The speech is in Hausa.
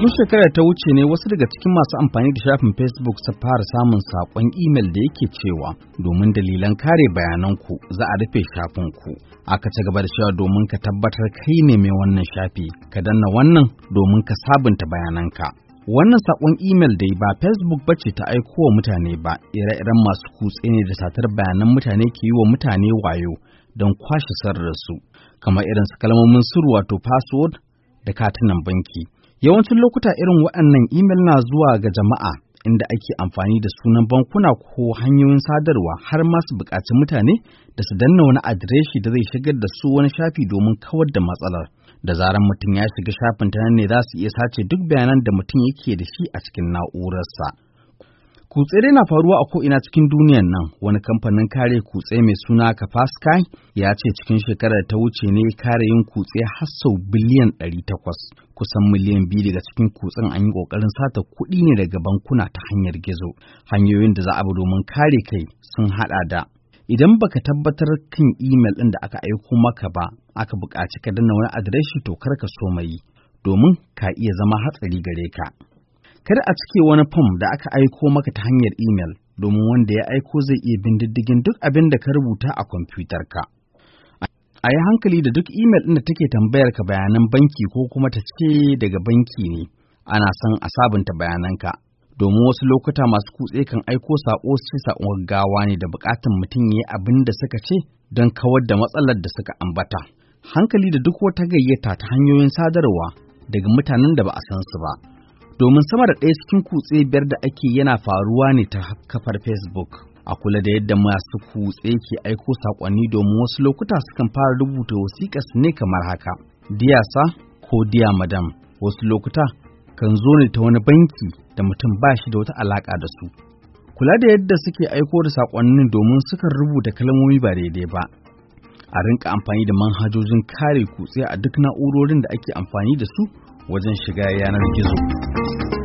Tun shekarar ta wuce ne wasu daga cikin masu amfani da shafin Facebook su fara samun saƙon imel da yake cewa domin dalilan kare bayananku za a rufe shafinku. Aka ci gaba da cewa domin ka tabbatar kai ne mai wannan shafi, ka danna wannan domin ka sabunta bayananka. Wannan saƙon imel dai ba Facebook ba ce ta aiko wa mutane ba, ire-iren masu kutse ne da satar bayanan mutane ke yi wa mutane wayo don kwashe sarrarsu, kamar irin su kalmomin sur wato password da katunan banki. Yawancin lokuta irin waɗannan imel na zuwa ga jama'a inda ake amfani da sunan bankuna ko hanyoyin sadarwa har ma su buƙaci mutane da su danna wani adireshi da zai shigar da su wani shafi domin kawar da matsalar. Da zaran mutum ya shiga shafin ta nan ne za su iya sace duk bayanan da mutum yake da shi a cikin na'urarsa. Kutse dai na faruwa a ko'ina cikin duniyan nan, wani kamfanin kare kutse mai suna Kafaskai ya ce cikin shekarar ta wuce ne kare yin kutse har sau biliyan takwas, kusan miliyan biyu daga cikin kutsen an yi ƙoƙarin sata kuɗi ne daga bankuna ta hanyar gizo. Hanyoyin da za a bi domin kare kai sun haɗa da idan baka tabbatar kan imel ɗin da aka aiko maka ba, aka buƙaci ka danna wani adireshi to kar ka so mai, domin ka iya zama hatsari gare ka. Kada a cike wani fom da aka aiko maka ta hanyar imel domin wanda ya aiko zai iya bin diddigin duk abin da ka rubuta a kwamfutarka. A yi hankali da duk imel ɗin da take tambayar ka bayanan banki ko kuma ta cike daga banki ne, ana son a sabunta bayananka. Domin wasu lokuta masu kutse kan aiko saƙo sai saƙon gaggawa ne da buƙatar mutum ya yi abin da suka ce don kawar da matsalar da suka ambata. Hankali da duk wata gayyata ta hanyoyin sadarwa daga mutanen da ba a san su ba. domin sama da ɗaya cikin kutse biyar da ake yana faruwa ne ta kafar facebook a kula da yadda masu kutse ke aiko saƙonni domin wasu lokuta sukan fara rubuta wasiƙas ne kamar haka diyasa ko diya madam wasu lokuta kan zo ne ta wani banki da mutum ba shi da wata alaƙa da su kula da yadda suke aiko da saƙonni domin sukan rubuta kalmomi ba daidai ba a rinka amfani da manhajojin kare kutse a duk na'urorin da ake amfani da su wajen shiga yanar gizo.